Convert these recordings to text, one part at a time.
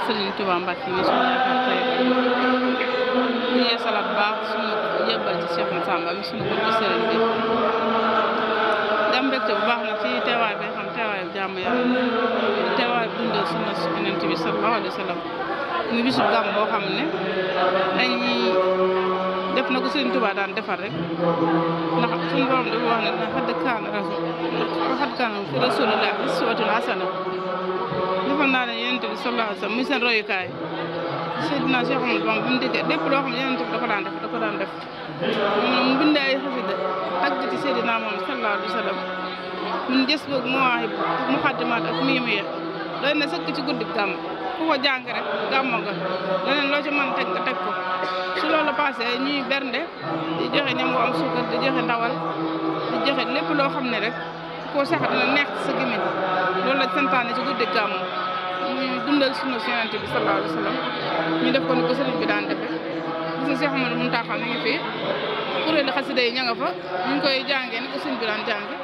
ak Serigne Touba Mbacke mi suñu yaakaar tey di yeesalaat baax suñu jébbal ci Cheikh Massamba mi suñu bëgg sëriñ bi dem mbégte bu baax na ci teewaay bi xam teewaay bu jàmm yàlla teewaay bu dundal boo xam ne dañ def na ko Serigne Touba daan defar rek ndax suñu borom dafa wax ne xadd kaana rasul xadd kaana rasulullah uswatun hasana defal naa leen yonent bi sallallahu alayhi wasallam muy seen royukaay Seydina Cheikh Ahmadou Bamba bi mu dëkkee lépp loo xam ne yonent bi da ko daan def da ko daan def moom mu bindee ay xasida ak ci Seydina moom sallallahu alayhi wasallam mun gës boog mu waaxi ak mu xaddimaat ak muy muy doy na sëkk ci guddi gàmm ku ko jàng rek gàmmo nga leneen loo ci mën teg nga teg ko su loolu passé ñuy bernde di joxe ñam wu am suukar di joxe ndawal di joxe lépp loo xam ne rek koo sax dina neex sa gémmiñ loolu la santaane ci guddi gàmm dundal sunna si yonent bi sallallahu alayhi wa sallam ñu def ko ni ko sëriñ bi daan defee gis nga Cheikh Amadou Mountakha mi ngi fi kuréelu xasida yi ña nga fa ñu ngi koy jàngee ni ko sëriñ bi daan jànge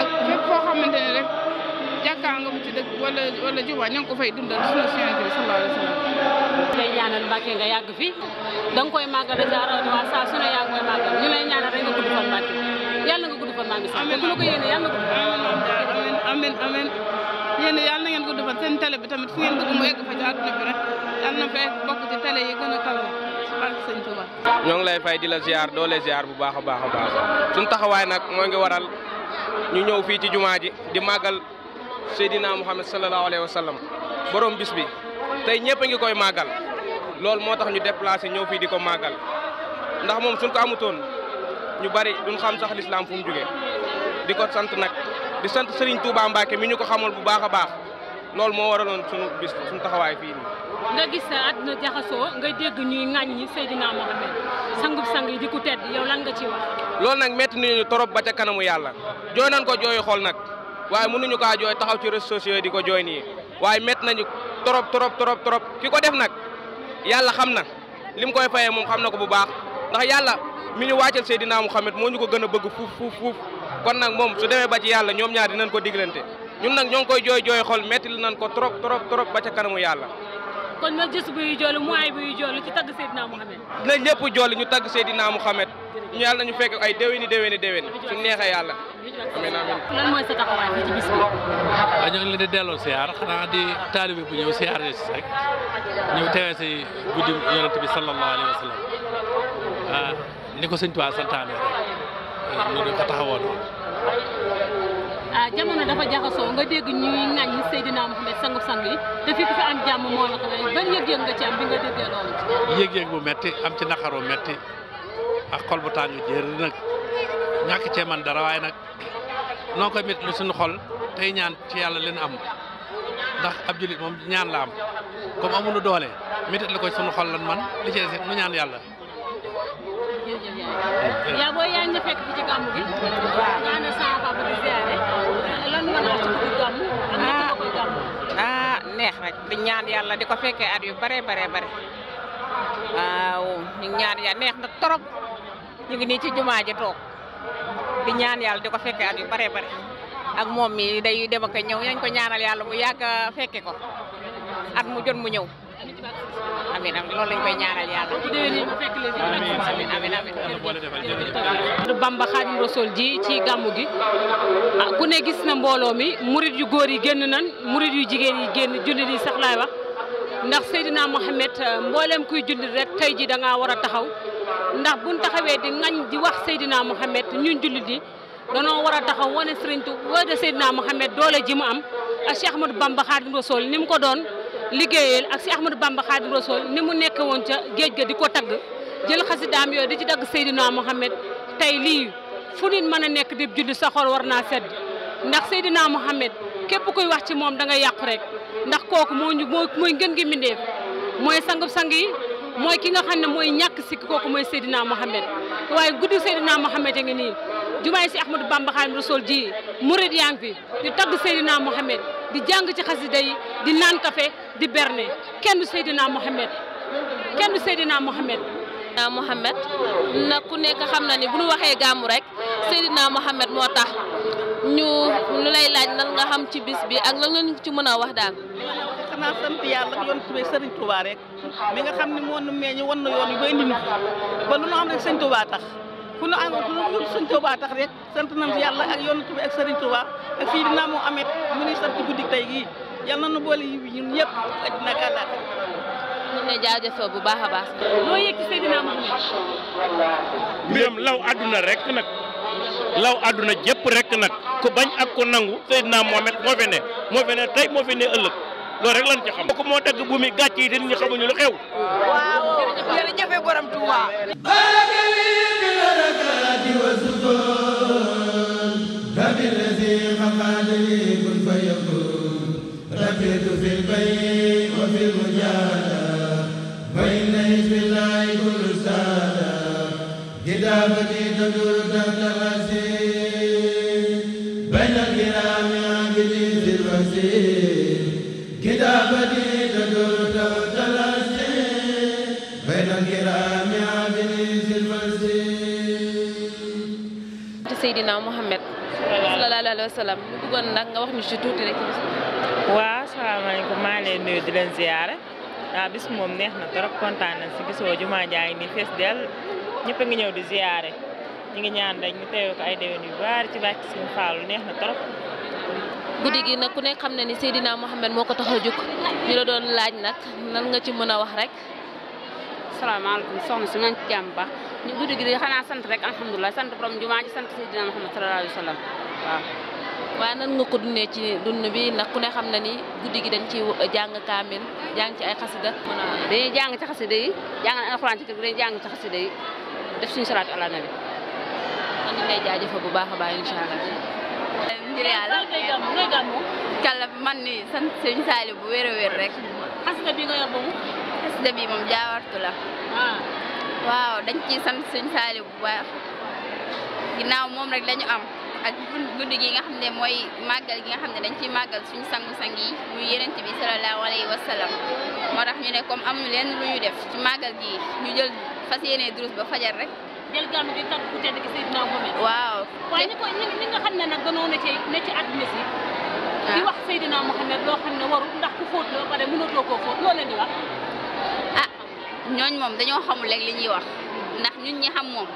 ak fépp foo xamante ne rek jàkkaa nga mu ci dëkk wala wala juba ña ngi ko fay dundal sunna si yonent bi sallallahu alayhi wa sallam lay ñaanal Mbàkke nga yàgg fi da nga koy màggal da saa rawatina waa saa su ne yaa ngi koy màggal ñu lay ñaanal rek nga gudd fan Mbàkke yàlla nga gudd fan maa ngi sax ku la ko yéene yàlla nga gudd fan amiin amiin amiin yéen yal na bi tamit fu ngeen ñoo ngi lay fay di la ziar doole ziar bu baax a baax a baax suñu taxawaay nag moo ngi waral ñu ñëw fii ci jumaa ji di màggal Seydina Muhammad sallallahu alayhi wa sallam borom bis bi tey ñëpp a ngi koy màggal loolu moo tax ñu déplacé ñëw fii di ko màggal ndax moom suñ ko ñu bari duñ xam sax lislaam fu mu jógee di ko sant nag di sant Serigne Touba Mbacke mi ñu ko xamoon bu baax a baax loolu moo waraloon suñu bis suñu taxawaay fii nii. nga gis àdduna jaxasoo nga dégg ñuy ŋàññi Seydina Mohamed sangub sang yi di ko tedd yow lan nga ciy wax. loolu nag métti nañu torop ba ca kanamu yàlla jooy nañ ko jooy xool nag waaye mënuñu kaa jooy taxaw ci réseaux sociaux di ko jooy nii waaye métti nañu torop torop torop torop ki ko def nag yàlla xam na li mu koy fayee moom xam na ko bu baax ndax yàlla mi ñu wàccal Seydina Mohamed moo ñu ko gën a bëgg fuuf fuuf kon nag moom su demee ba ci yàlla ñoom ñaari dinañ ko diglante ñun nag ñoo ngi koy jooy jooy xol metti nañ ko trop trop trop ba kanamu yàlla. kon nag gis buy joolu mooy buy joolu ci tagg Seydina Mouhamed. dinañ lépp joolu ñu tagg Seydina Mouhamed. ñu yàlla ñu fekk ay déwéni déwéni déwén su neexee yàlla. amiin amiin. lan mooy sa taxawaay fii ci bis bi. Ah, di delloo siyaar xanaa di taalibe bu ñëw siyaar si rek ñëw teewee si guddi yonent bi sallallahu alayhi wa sallam ah, ni ko sëñ Tuubaa santaane rek. ko taxawoon ah jamono dafa jaxasoo nga dégg ñuy ŋàññi Seydina Mouhamed sangu-sang yi te fi ku fi am jàmm moo la ko may ban yëg-yëg nga ci am bi nga déggee loolu. yëg-yëg bu metti am ci naqaru metti ak xol bu tàng jër nag ñàkk cee man dara waaye nag noo koy metti lu suñu xol tey ñaan ci yàlla leen am ndax ab jullit moom ñaan la am comme amuñu doole métti la ko suñu xol la man li ci des nu ñaan yàlla. yaa booy yaa ngi fekk fi ci gàmmu gi yaa ah neex rek di ñaan yàlla di ko fekkee at yu bare bare bare waaw ñu ñaan yàlla neex na torop ñu ngi nii ci jumaa ji toog di ñaan yàlla di ko fekkee at yu bare bare ak moom mi day dem ak ñëw yañ ko ñaanal yàlla mu yàgg fekkee ko at mu jot mu ñëw amiin amiin loolu lañ koy ñaanal ji ci gàmmu gi ah ku ne gis na mbooloo mi murit yu góor yi génn nan murit yu jigéen yi génn jullit yi sax laay wax ndax Seydina Mohamed ah, mbooleem kuy jullit rek tey ji danga ngaa war a taxaw ndax bu taxawee di ngañ di wax Seydina Mohamed ñun jullit yi danoo war a taxaw wane Sëriñ Tuubaa wane Seydina Mohamed doole ji mu am ak ah, Cheikh Ahmadou Bamba Xaadimu Rasuul ni mu ko doon. liggéeyeel ak si Ahmadou Bamba Khadim Rasoul ni mu nekkee woon ca géej ga di ko tagg jël xasidaam yooyu da ci dagg Seydina Mohamed tey lii fu nit mën a nekk di julli sa xol war naa sedd ndax Seydina Mohamed képp koy wax ci moom da nga yàqu rek ndax kooku moo mooy ngën gi mbindeef mooy sangub-sang yi mooy ki nga xam ne mooy ñàkk sikk kooku mooy Seydina Mohamed waaye guddi Seydina Mohamed a ngi nii jumaay si Ahmadou Bamba Khadim Rasoul ji murid yaa ngi fi di tagg Seydina Mohamed di jàng ci xasida yi di naan kafe di berne kenn du Seydina Mohamed kenn du Seydina Mohamed. Seydina na ku nekk xam na ni bu ñu waxee gàmmu rek Seydina Mohamed moo tax ñu lu lay laaj lan nga xam ci bis bi ak lan nga ci mën a wax daal. xanaa nga xam ne moo nu meññ wan na yoon yu ba indi nu ba lu ñu xam rek sëñ Touba tax. ku nu ànd ku nu suñ Touba tax rek sant nañ si yàlla ak yoonu Touba ak Serigne Touba ak fii dinaa moo amet mu nuy sant guddi tey gii yal na nu boole yi ñun ñëpp àddina ak àllaaxira ñu ne jaajëfal bu baax a baax. loo yëg ci Seydina àdduna rek nag law rek nag ku bañ ak ku nangu Seydina Mouhamed moo fi ne moo fi ne tey moo fi ëllëg loolu rek lañ ci xam. kooku moo dagg bu mi gàcce yi te nit ñi xamuñu lu xew. Seydina Mohamed sallallahu alayhi wa sallam mu duggoon nag nga wax ñu ci tuuti rek waaw asalaamaaleykum maa ngi leen nuyu di leen ziyaare waaw bis moom neex na trop kontaan nañ si gisoo jumaa jaay nii fees dell ñépp a ngi ñëw di ziyaare ñu ngi ñaan rek ñu teewe ko ay déwén yu bari ci bàcc suñu faalu neex na trop. guddi gi nag ku nekk xam ne ni Seydina Mohamed moo ko tax a jóg ñu la doon laaj nag nan nga ci mën a wax rek. salaamaaleykum soxna si nañ ci jàmm ba ñu guddi gi de xanaa sant rek alhamdulilah sant borom jumaa ji sant Seydina Mohamed sallallahu alayhi wa sallam waaw. waaye nan nga ko dundee ci dund bi ndax ku ne xam na ni guddi gi dañ ci jàng kaamil jàng ci ay xasida dañuy jàng ci xasida yi jàng na alxuraan ci kër gi dañuy jàng ci xasida yi bu baax a baax incha allah ngir man ni sant sëñ saali bu wér a wér rek xasida bi nga yóbbu moom jaawartu la ah. waaw dañ ci sant sëñ saali bu baax ginnaaw moom rek lañu am ak guddi gi nga xam ne mooy màggal gi nga xam ne dañ ciy màggal suñu sangu-sang yi muy yonent bi salallaahu alayhi wa sallam moo tax ñu ne comme leen lu ñu def ci màggal gi ñu jël fas yéenee ba fajar rek. jël gàmm ah. di tàgg wax Seydina Muhammad loo xam ne warul ndax ku fóot la pare mënatoo koo fóot loolu la ñuy wax. ah ñooñ moom dañoo xamul rek li ñuy wax ndax ñun ñi xam moom.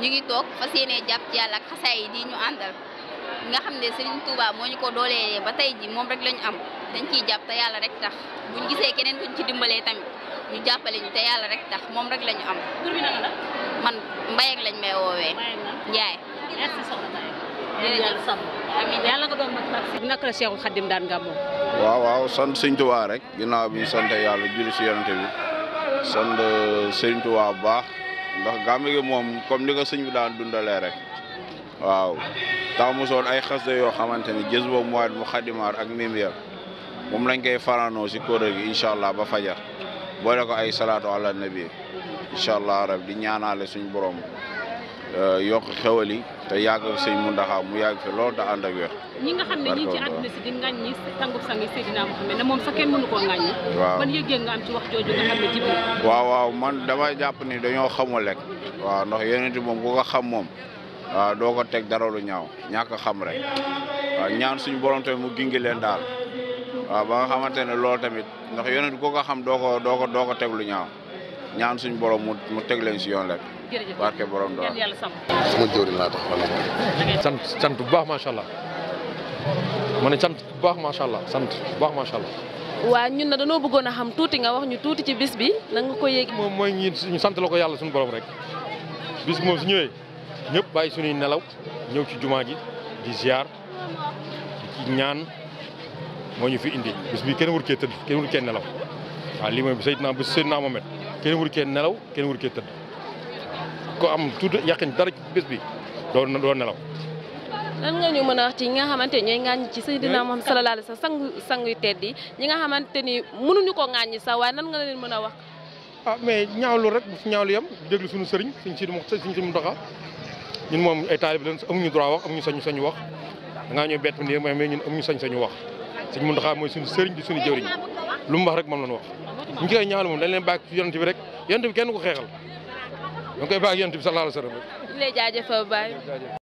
ñu ngi toog fas yéenee jàpp yàlla ak di ñu àndal nga xam ne Serigne Touba moo ñu ko dooleelee ba tey ji moom rek lañu am dañ ciy jàpp te yàlla rek tax ñu jàppale ñu yàlla rek tax moom rek lañu am. tur bi naka la. man may woowee. Ndiaye. waaw waaw sant Serigne Touba rek ginnaaw bi ñu sant yàlla julli si yonent bi sant Serigne Touba bu baax. ndax gàmm gi moom comme ni ko sëñ bi daan dundalee rek waaw taamusoon ay xeste yoo xamante ni jës boobu mooy mu xadimaar ak mimiyar moom lañ koy faranoo si kóor gi incha allah ba fajar boole ko ay salaatu ala nabi incha allah rab di ñaanale suñu borom. Euh, yokk xewal yi te yàggal sëñ Muntaxa mu yàgg fi loolu da ànd ak wér. ñi nga xam ne ñi ci si di ŋàññi sangu sang kenn mënu koo ŋàññi. waaw ban yëg-yëg nga ci wax jooju nga xam ne jiw waaw waaw man dama jàpp ni dañoo xamul rek. waaw ndax yonent moom ku ko xam moom waaw doo ko teg dara lu ñaaw ñàkk xam rek waaw ñaan suñu borom tamit mu gingi leen daal waaw ba nga xamante ne loolu tamit ndax yeneen ku ko xam doo ko doo ko doo ko teg lu ñaaw ñaan suñu borom mu mu teg leen si yoon rek. jërëjëf barke borom laa sant sant bu baax macha allah ma ne sant bu baax macha allah sant bu baax waa ñun na dañoo bëggoon a xam tuuti nga wax ñu tuuti ci bis bi na nga ko yéeg. moom mooy ñu sant la ko yàlla suñu borom rek bis moom su ñëwee ñëpp bàyyi suñuy nelaw ñëw ci jumaa ji di ziar ci ñaan moo ñu fi indi bis bi kenn wur cee tëdd kenn wur cee nelaw waa lii mooy Seydina bu Seydina Mohamed kenn wur kee nelaw kenn wur kee tëdd ko am tuuti yàqin dara ci bés bi doo doo nelaw. lan nga ñu mën a wax ci ñi nga xamante ñooy ŋàññi ci Seydina Muhammad sallallahu alayhi wa sallam sangu sangu yu tedd yi ñi nga xamante ni mënuñu ko ŋàññi sax waaye nan nga leen mën a wax. ah mais ñaawlu rek bu fi ñaawlu yem di déglu suñu sëriñ suñ si suñ si mu doxa ñun moom ay taalib leen amuñu droit wax amuñu sañ sañu wax dangaa ñëw bett nii mais ñun amuñu sañ sañu wax suñ mu doxa mooy suñu sëriñ di suñu jëwriñ lu mu wax rek moom lañ wax. ñu koy ñaanal moom dañ leen bàyyi ci yonent bi rek yonent bi kenn ko xeexal ñu koy bàyyi yonent bi sallallahu alayhi wa sallam rek. ñu